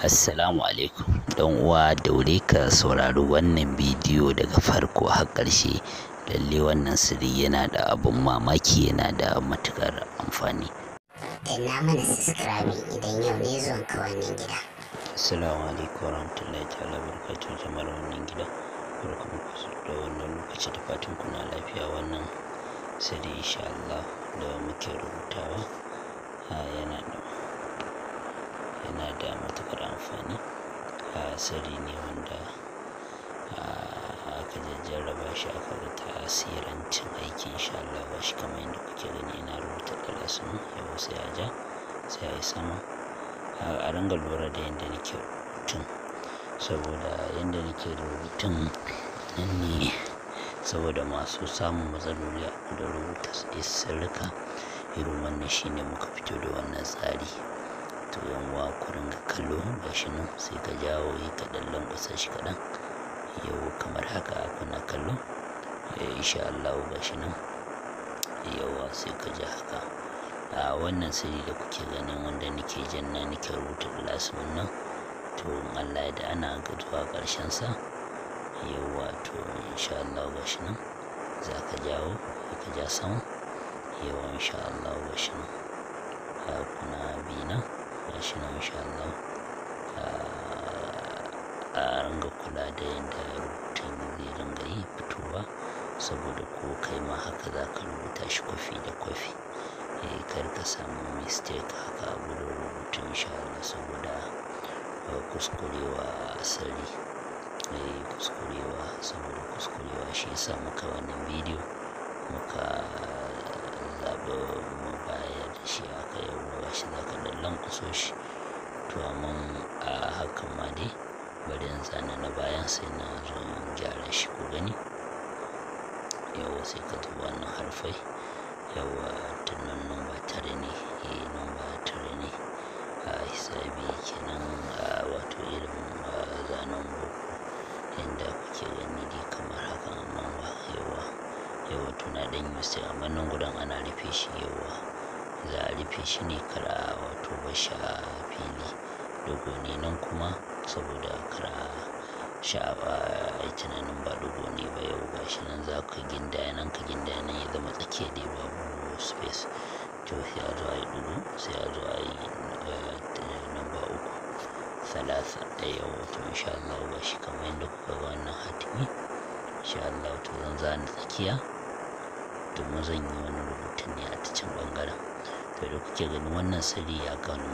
Assalamu alaikum don uwa daure ka saurari wannan bidiyo daga farko har ƙarshe lalle wannan sirri yana da abun mamaki yana da matukar amfani ina mana subscribe idan yau ne zuwan ka wannan gida assalamu alaikum warahmatullahi ta'ala barkatu jama'ar wannan gida barkamu ku da wannan lokaci da fatan kuna lafiya wannan sirri insha Allah da muke rubutawa ah, yana da yana da matuƙar amfani a sirri ne wanda aka jajjarraba shi aka ga tasirancin aiki insha Allah ba shi kamar yadda kuke gani ina rubuta kalasun yau sai a ja sai a yi sama a ringa lura da yadda nake rubutun saboda yadda nake rubutun nan ne saboda masu samun matsaloli a da rubuta sirrika irin shi shine muka fito da wannan tsari to yawwa ku ringa kallo gashi nan sai ka jawo yi ka ɗan lankwasa shi kaɗan yau kamar haka kuna kallo eh, insha Allah gashi nan yawa sai ka ji haka a wannan sirri da kuke ganin wanda nake jan na nake rubuta glass nan to Allah da ana zuwa ƙarshen sa yawa to insha Allah gashi nan za ka jawo ka ja sama yawa insha Allah gashi nan kuna bi nan da na insha Allah a ah, ah, ringa kula da yadda rubutun zai ringa yi fitowa saboda ko kai ma haka za ka rubuta shi kwafi da kwafi eh, kar ka samu mistake haka a gudun rubutun insha Allah saboda ah, kuskurewa asali eh, kuskurewa saboda kuskurewa shi ya sa muka wannan bidiyo muka zaɓi mu baya shi aka yi ruwa shi za ka ɗan lankwaso shi to amma a hakan ma dai bari in zana na bayan sai na zo gyara shi ku gani yawa sai ka zuba wannan harfai yawa nan nomba tare ne eh nomba tare ne a hisabi kenan a wato irin zanen boko inda kuke gani dai kamar hakan amma ba yawa yawa tuna ɗan yi sai amma nan gudan ana rufe shi yawa za a rufe shi ne kar a wato barshi a fili dogo ne nan kuma saboda kar a sha'awa a yi tunanin ba dogo ne ba yau ga shi nan za ka gindaya nan ka gindaya nan ya zama tsakiya dai babu space to sai a zo a yi dugu sai a zo a yi eh, namba uku salasa ɗaya wato insha Allah ga shi kamar yadda kuka ga wannan hatimi insha Allah to zan zana tsakiya domin zan yi wani rubutun ne a can ɓangaren to da kuke gani wannan sirri ya gano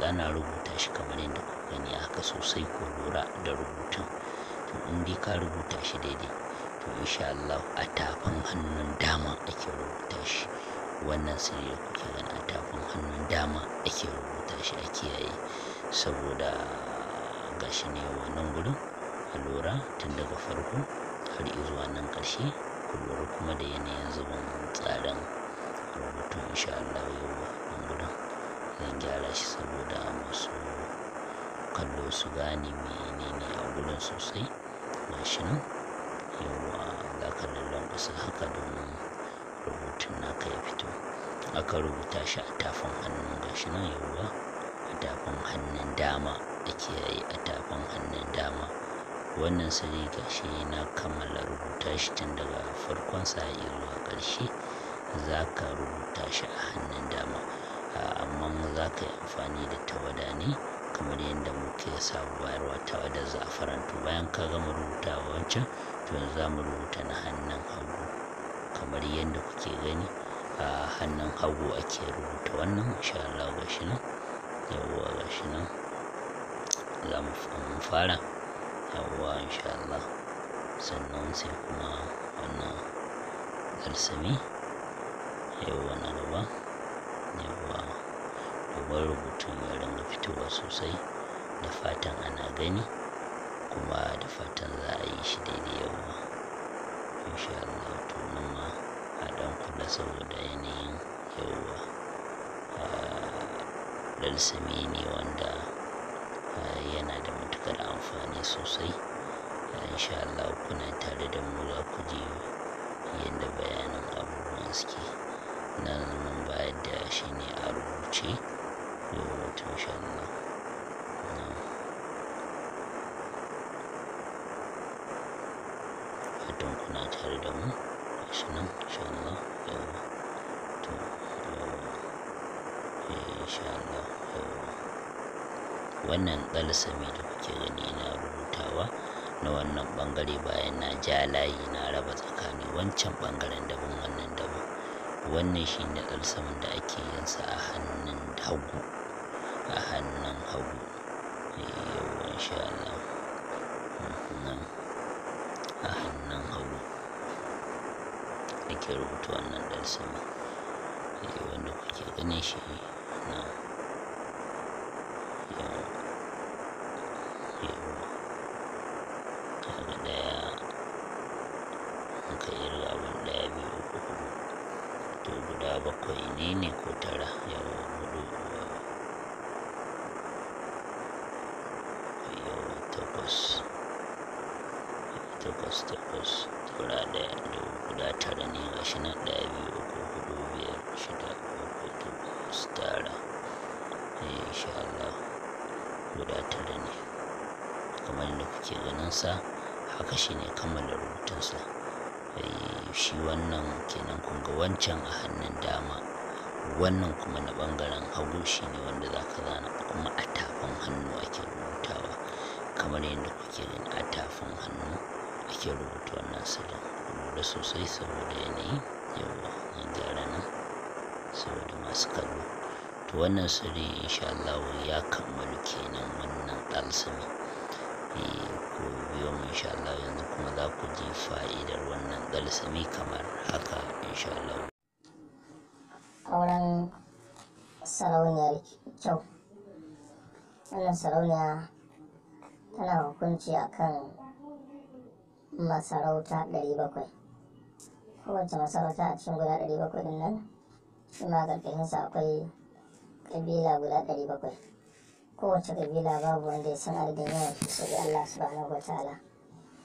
za na rubuta shi kamar yadda kuka gani haka sosai ko lura da rubutun to in dai ka rubuta shi daidai to insha Allah a tafin hannun dama ake rubuta shi wannan sirri da kuke gani a tafin hannun dama ake rubuta shi a kiyaye saboda gashi ne wannan gurin a lura tun daga farko har izuwa nan ƙarshe ku lura kuma da yanayin zubin tsarin rubutun insha Allah yau zan gyara shi saboda masu kallo su gane ne a gurin sosai mashinan nan yawa za ka lallambasa haka domin rubutun naka ya fito aka rubuta shi a tafin hannun gashi nan yawa a tafin hannun dama ake yi a tafin hannun dama wannan sani gashi na kammala rubuta shi tun daga farkon sa zuwa ƙarshe za ka rubuta shi a hannun dama amma mu za ka yi amfani da tawada ne kamar yadda muke sabuwarwa tawada za'afaran to bayan ka gama rubuta wancan to yanzu za mu rubuta na hannun hagu kamar yadda kuke gani a hannun hagu ake rubuta wannan insha Allah ga shi nan yawwa ga shi nan za mu fara yawwa insha Allah sannan sai kuma wannan alsami yawwa na gaba yawwa domin rubutun ya ringa fitowa sosai da fatan ana gani kuma da fatan za a yi shi daidai yawwa insha Allah to nan ma a dan kula saboda yanayin yawwa lalsami ah, ne wanda ah, yana da matukar amfani sosai ah, insha Allah kuna tare da mu za ku je yadda bayanin abubuwan suke na zan bayar da shi ne a rubuce domin mutum insha Allah fatan kuna tare da mu shi nan insha Allah to insha eh, Allah yawa wannan ɗalisami da kuke gani na rubutawa na wannan bangare bayan na ja layi na raba tsakani wancan bangaren daban wannan daban wannan shi ne ulcer da ake yin sa a hannun hagu a hannun hagu yawwa insha Allah nan a hannun hagu ake rubuta wannan ulcer eh, wanda kuke ganin shi na takwas takwas takwas tara ɗaya dubu guda tara ne ga shi nan ɗaya biyu uku hudu biyar shida uku takwas tara eh, insha Allah guda tara ne kamar yadda kuke ganin sa haka shi ne kammala sa eh, shi wannan kenan kun ga wancan a hannun dama wannan kuma na ɓangaren hagu shi ne wanda za ka zana kuma a tafin hannu ake rubutu kamar yadda kuke gani a tafin hannu ake rubuta wannan sirrin lura sosai saboda yanayi yawa zan gyara nan saboda masu kallo to wannan sirri insha Allah ya kammalu kenan wannan eh ku biyo mu insha Allah yanzu kuma za ku ji fa'idar wannan dalsami kamar haka insha Allah auren sarauniyar kyau wannan sarauniya tana hukunci a kan masarauta 700 kowace masarauta a cikin guda 700 din nan shi ma ƙarƙashinsa akwai ƙabila guda 700 kowace ƙabila babu wanda ya san adadin yawan shi sai Allah subhanahu wa ta'ala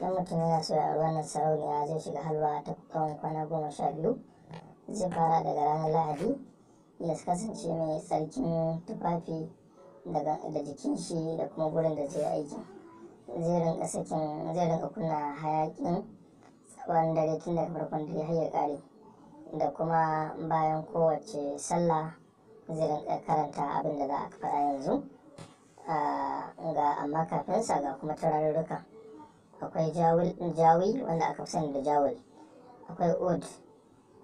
dan mutum yana so ya sarauniya zai shiga halwa ta tsawon kwana goma sha biyu zai fara daga ranar lahadi ya kasance mai tsarkin tufafi da jikin shi da kuma gurin da zai aiki zai rinka zai rinka kunna hayakin tsawon dare tun daga farkon dare har ya kare da kuma bayan kowace sallah zai rinka karanta abin da za a faɗa yanzu ah, ga amma kafin sa ga kuma turarurruka akwai jawi wanda aka fi sani da jawul akwai od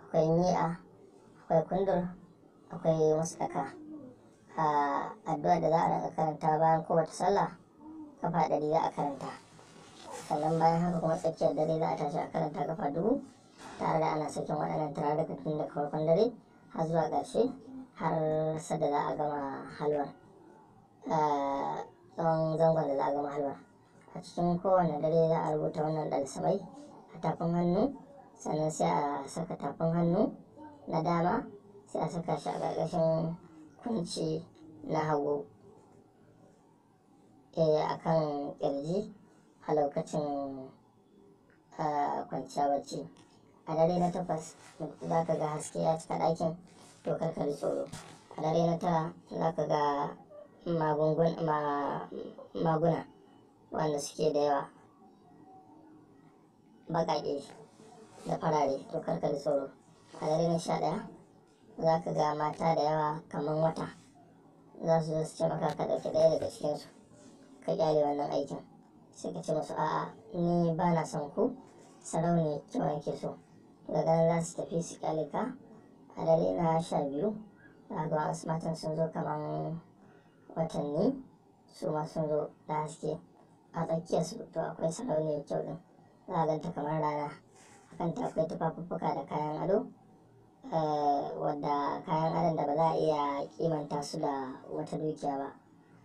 akwai mi'a akwai kundur akwai musdaka ah, addu'a da za a karanta bayan kowace sallah kafa ɗari za a karanta sannan bayan haka kuma tsakiyar dare za a tashi a karanta kafa dubu tare da ana sakin waɗannan turaruka tun daga farkon dare har zuwa ƙarshe har sadda za a gama halwar eh, tsawon zangon da za a gama halwar a cikin kowane dare za a rubuta wannan ɗalisabai a tafin hannu sannan sai a saka tafin hannu na dama sai a saka shi a ƙarƙashin kunci na hagu Eh, a kan ƙirji a lokacin eh, kwanciya bacci a dare na takwas za ka ga haske ya cika ɗakin to karka ji tsoro a dare na tara za ka ga maguna wanda suke da yawa baƙaƙe da farare to karka ji tsoro a dare na sha ɗaya za ka ga mata da yawa kamar wata za su zo su ce maka ka ɗauki ɗaya daga cikinsu ka gyale wannan aikin sai ka ce musu a'a ni ba na son ku sarauniya kiwon ke so daga ganin za su tafi su kyale a dare na sha biyu a ga wasu matan sun zo kamar watanni su ma sun zo da haske a tsakiyar su to akwai sarauni kyau din za a ganta kamar rana akan ta akwai tufafuffuka da kayan ado eh, wadda kayan adon da ba za a iya kimanta su da wata dukiya ba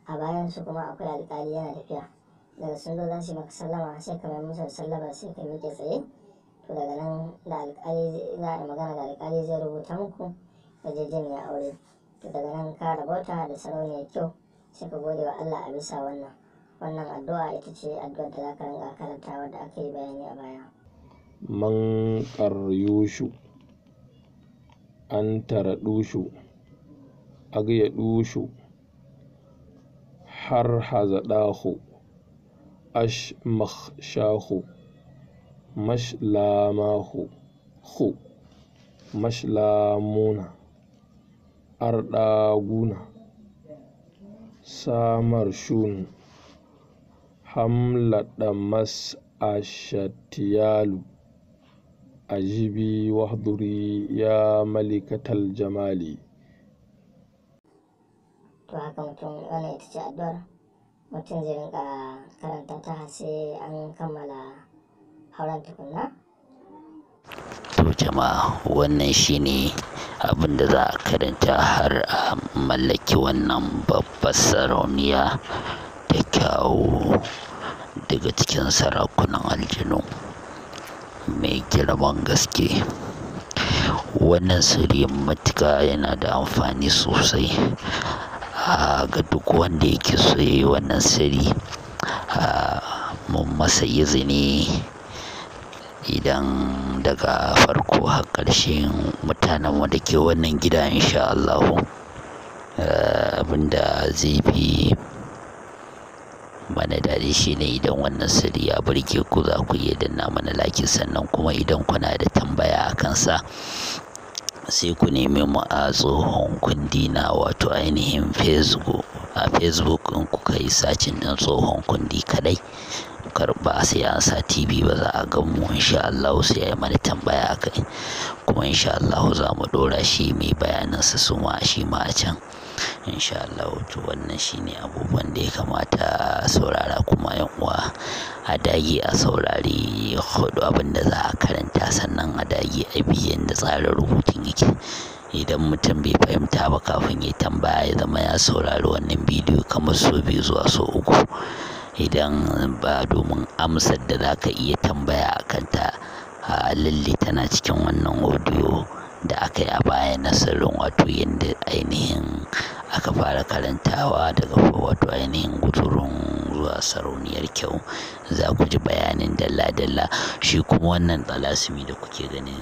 a bayansu kuma akwai alƙali yana tafiya daga sun zo za sallama sai ka mai musu sallama sai ka miƙe tsaye to daga nan da alƙali za a yi magana da alƙali zai rubuta muku ya aure to daga nan ka rabauta da sarauniyar kyau sai ka gode wa Allah a bisa wannan wannan addu'a ita ce addu'ar da za ka karanta wadda aka yi bayani a baya. man karyushu an tara ɗushu agya dushu har harhazaɗahu, ashmakshahu, mashlamahu, hu, mashlamuna, arɗaguna, samarshun, hamlaɗa a ajibi wahduri ya malikatal jamali. to haka mutum wannan ita ce addu'ar mutum zai rinka karanta ta har sai an kammala auren tukunna to jama'a wannan shine abin da za a karanta har a mallaki wannan babbar sarauniya ta kyawu daga cikin sarakunan aljinu mai girman gaske wannan sirri matuka yana da amfani sosai ga duk wanda yake so ya yi wannan sirri mun masa izini idan daga farko har ƙarshen mutanen da ke wannan gida insha Allahu eh, abinda zai fi mana daɗi ne idan wannan sirri ya burge ku za ku iya danna mana laki sannan kuma idan kuna da tambaya a kansa sai ku nemi mu a tsohon kundi na wato ainihin facebook a facebook in kuka yi sacin ɗin tsohon kundi kadai karba sai an sa tv ba za a ga mu insha Allah sai ai mana tambaya akai kuma insha Allah za mu dora shi mai bayanin su suma shi ma a can insha Allah to wannan shine abubuwan da ya kamata a saurara kuma yan uwa a dage a saurari hudu abinda da za a karanta sannan a dage a biyan da tsarin rubutun yake idan mutum bai fahimta ba kafin ya tambaya ya zama ya saurari wannan bidiyo kamar so biyu zuwa so uku idan ba domin amsar da za ka iya tambaya a kanta a lalle tana cikin wannan audio da aka yi a baya na salon wato yadda ainihin aka fara karantawa daga wato ainihin guturun zuwa sarauniyar kyau za ku ji bayanin dalla-dalla shi kuma wannan talasimi da kuke gani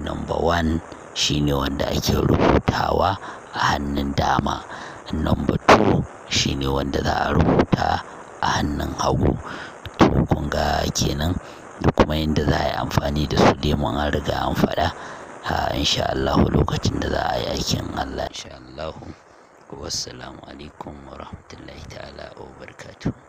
number one shine wanda ake rubutawa a hannun dama number two shine wanda za a rubuta a hannun hagu to kun ga kenan da kuma yadda za a yi amfani da su dai mun an riga an faɗa ha insha Allah lokacin da za a yi aikin Allah insha Allah wassalamu alaikum wa rahmatullahi ta'ala wa barakatuh